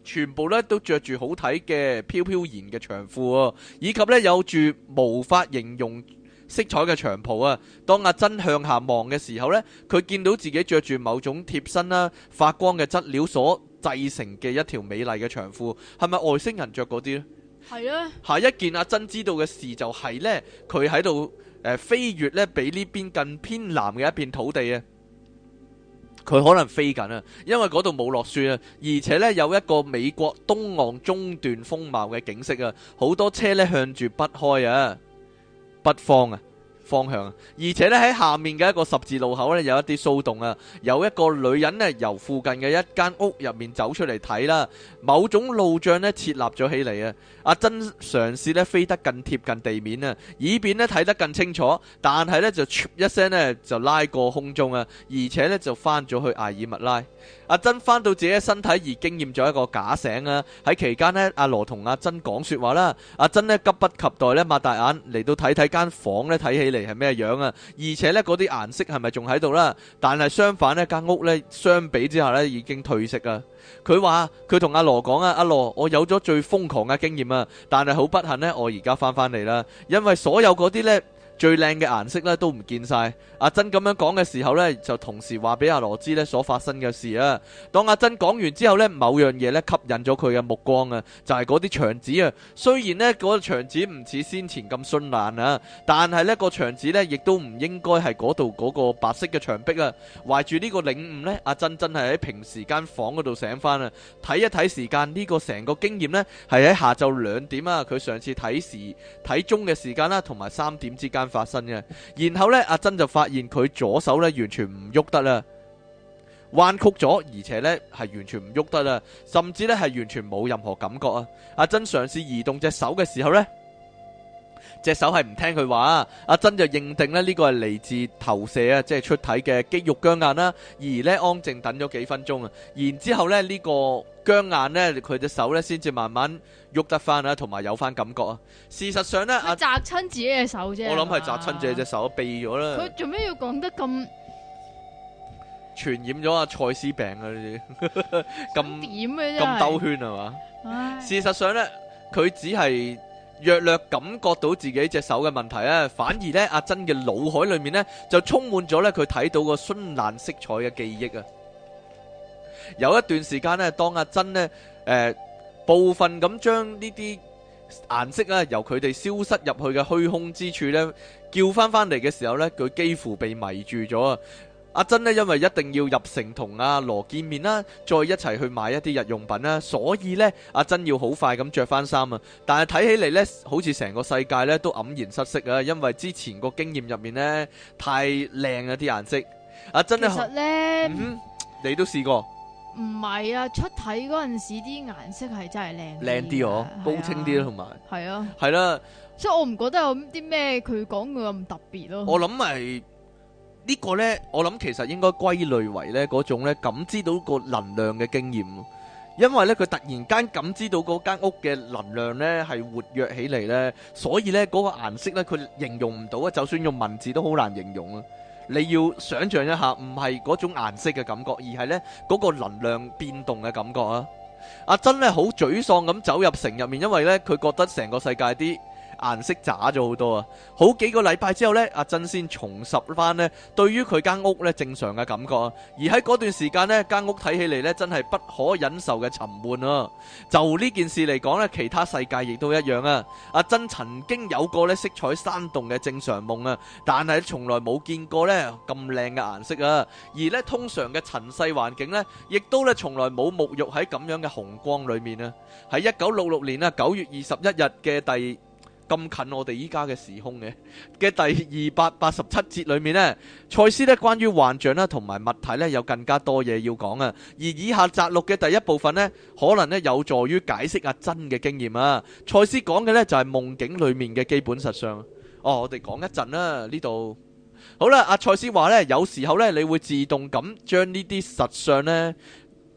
全部咧都着住好睇嘅飄飄然嘅長褲，以及咧有住無法形容色彩嘅長袍啊！當阿珍向下望嘅時候咧，佢見到自己着住某種貼身啦、發光嘅質料所製成嘅一條美麗嘅長褲，係咪外星人着嗰啲咧？係啊！下一件阿珍知道嘅事就係呢，佢喺度誒飛越呢，比呢邊更偏南嘅一片土地啊！佢可能飛緊啊，因為嗰度冇落雪啊，而且呢，有一個美國東岸中段風貌嘅景色啊，好多車呢向住北開啊，北方啊方向啊，而且呢，喺下面嘅一個十字路口呢，有一啲騷動啊，有一個女人呢，由附近嘅一間屋入面走出嚟睇啦。某種路障咧設立咗起嚟啊！阿珍嘗試咧飛得更貼近地面啊，以便咧睇得更清楚。但係咧就一聲咧就拉過空中啊，而且咧就翻咗去艾爾密拉。阿珍翻到自己嘅身體而經驗咗一個假醒啊！喺期間咧，阿羅同阿珍講說話啦。阿珍咧急不及待咧擘大眼嚟到睇睇間房咧睇起嚟係咩樣啊！而且咧啲顏色係咪仲喺度啦？但係相反咧間屋咧相比之下咧已經褪色啊！佢話佢同阿羅。我講啊，阿羅，我有咗最瘋狂嘅經驗啊，但係好不幸呢，我而家翻返嚟啦，因為所有嗰啲呢。最靚嘅顏色咧都唔見晒，阿珍咁樣講嘅時候咧，就同時話俾阿羅知咧所發生嘅事啊。當阿珍講完之後咧，某樣嘢咧吸引咗佢嘅目光啊，就係啲牆紙啊。雖然咧個牆紙唔似先前咁絢爛啊，但係咧個牆紙咧亦都唔應該係度個白色嘅牆壁啊。懷住呢個領悟咧，阿珍真係喺平時間房度醒翻啊，睇一睇時間呢個成個經驗咧係喺下晝兩點啊，佢上次睇時睇鐘嘅時間啦，同埋三點之間。發生嘅，然後呢，阿珍就發現佢左手呢完全唔喐得啦，彎曲咗，而且呢係完全唔喐得啦，甚至呢係完全冇任何感覺啊！阿珍嘗試移動隻手嘅時候呢。隻手係唔聽佢話，阿珍就認定咧，呢個係嚟自投射啊，即係出體嘅肌肉僵硬啦。而呢，安靜等咗幾分鐘啊，然之後呢，呢個僵硬呢，佢隻手呢先至慢慢喐得翻啦，同埋有翻感覺啊。事實上呢，阿砸親自己隻手啫。我諗係砸親自己隻手，痹咗啦。佢做咩要講得咁傳染咗阿賽斯病 啊！咁點嘅咁兜圈係嘛？事實上呢，佢只係。略略感覺到自己隻手嘅問題咧，反而咧阿珍嘅腦海裏面咧就充滿咗咧佢睇到個絢爛色彩嘅記憶啊！有一段時間咧，當阿珍咧誒部分咁將呢啲顏色咧由佢哋消失入去嘅虛空之處咧叫翻翻嚟嘅時候咧，佢幾乎被迷住咗啊！阿珍呢，因為一定要入城同阿羅見面啦，再一齊去買一啲日用品啦，所以呢，阿珍要好快咁着返衫啊！但係睇起嚟呢，好似成個世界呢都黯然失色啊！因為之前個經驗入面呢太靚啊啲顏色，阿珍呢，其實呢，你都試過？唔係啊，出體嗰陣時啲顏色係真係靚靚啲哦，高清啲咯，同埋係啊，係啦，所以我唔覺得有啲咩佢講嘅咁特別咯。我諗係。呢個咧，我諗其實應該歸類為咧嗰種咧，感知到個能量嘅經驗咯。因為咧，佢突然間感知到嗰間屋嘅能量咧係活躍起嚟咧，所以咧嗰個顏色咧，佢形容唔到啊，就算用文字都好難形容啊。你要想像一下，唔係嗰種顏色嘅感覺，而係咧嗰個能量變動嘅感覺啊。阿珍咧好沮喪咁走入城入面，因為咧佢覺得成個世界啲顏色渣咗好多啊！好幾個禮拜之後呢，阿珍先重拾翻呢對於佢間屋呢正常嘅感覺。而喺嗰段時間呢，間屋睇起嚟呢，真係不可忍受嘅沉悶啊！就呢件事嚟講呢，其他世界亦都一樣啊！阿珍曾經有過呢色彩生動嘅正常夢啊，但係從來冇見過呢咁靚嘅顏色啊！而呢，通常嘅塵世環境呢，亦都呢從來冇沐浴喺咁樣嘅紅光裏面啊！喺一九六六年啊九月二十一日嘅第。咁近我哋依家嘅時空嘅嘅第二百八十七節裏面呢，賽斯呢關於幻象同埋物體呢有更加多嘢要講啊。而以下摘錄嘅第一部分呢，可能呢有助於解釋阿珍嘅經驗啊。賽斯講嘅呢就係夢境裏面嘅基本實相。哦，我哋講一陣啦，呢度好啦。阿賽斯話呢，有時候呢，你會自動咁將呢啲實相呢。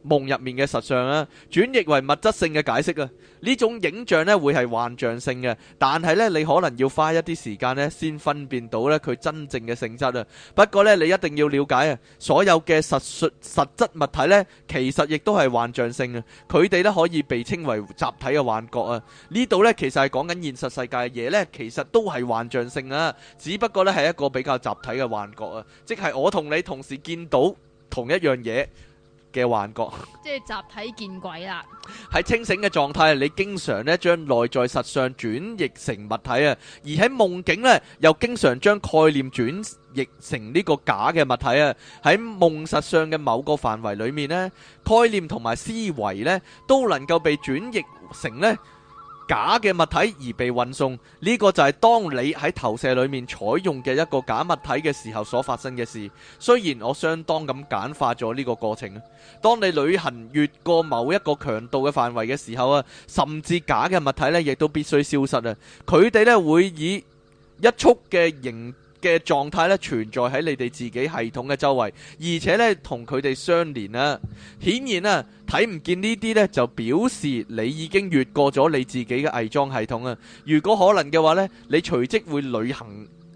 夢入面嘅實相啊，轉譯為物質性嘅解釋啊，呢種影像呢會係幻象性嘅，但係呢你可能要花一啲時間呢先分辨到呢佢真正嘅性質啊。不過呢你一定要了解啊，所有嘅實術，實質物體呢其實亦都係幻象性啊。佢哋呢可以被稱為集體嘅幻覺啊。呢度呢其實係講緊現實世界嘅嘢呢，其實都係幻象性啊，只不過呢係一個比較集體嘅幻覺啊，即係我同你同時見到同一樣嘢。嘅幻覺，即係集體見鬼啦！喺清醒嘅狀態，你經常呢將內在實相轉譯成物體啊，而喺夢境呢又經常將概念轉譯成呢個假嘅物體啊。喺夢實相嘅某個範圍裏面呢，概念同埋思維呢，都能夠被轉譯成呢假嘅物體而被運送呢，呢個就係當你喺投射裏面採用嘅一個假物體嘅時候所發生嘅事。雖然我相當咁簡化咗呢個過程。當你旅行越過某一個強度嘅範圍嘅時候啊，甚至假嘅物體呢亦都必須消失啊。佢哋呢會以一速嘅形嘅狀態咧存在喺你哋自己系統嘅周圍，而且咧同佢哋相連啦、啊。顯然咧，睇唔見呢啲呢就表示你已經越過咗你自己嘅偽裝系統啊。如果可能嘅話呢，你隨即會旅行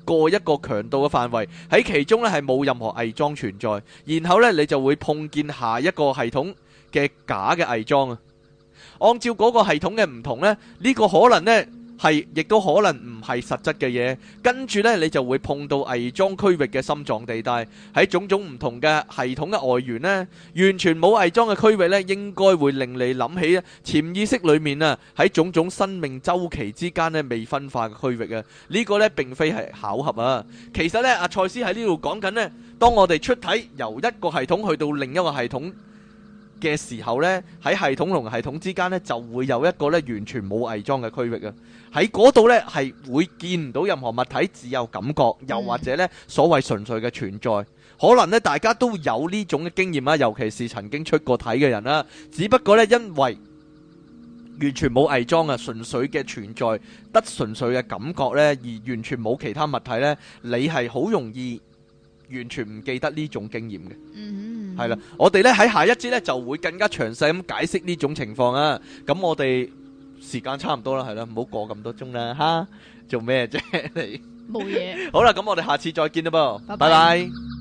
過一個強度嘅範圍，喺其中呢係冇任何偽裝存在，然後呢你就會碰見下一個系統嘅假嘅偽裝啊。按照嗰個系統嘅唔同呢呢、呢個可能呢係，亦都可能唔係實質嘅嘢。跟住呢，你就會碰到偽裝區域嘅心臟地帶，喺種種唔同嘅系統嘅外緣呢，完全冇偽裝嘅區域呢，應該會令你諗起潛意識裏面啊，喺種種生命周期之間呢，未分化嘅區域啊，呢個呢，並非係巧合啊。其實呢，阿賽斯喺呢度講緊呢，當我哋出體由一個系統去到另一個系統。嘅時候呢，喺系統同系統之間呢，就會有一個呢，完全冇偽裝嘅區域啊！喺嗰度呢，係會見唔到任何物體，只有感覺，又或者呢，所謂純粹嘅存在，可能呢，大家都有呢種嘅經驗啦，尤其是曾經出過體嘅人啦。只不過呢，因為完全冇偽裝啊，純粹嘅存在，得純粹嘅感覺呢，而完全冇其他物體呢，你係好容易完全唔記得呢種經驗嘅。嗯。係啦， 我哋咧喺下一節咧就會更加詳細咁解釋呢種情況啊。咁我哋時間差唔多啦，係啦，唔 沒事 好過咁多鐘啦，吓做咩啫你？冇嘢。好啦，咁我哋下次再見啦噃。拜拜。Bye bye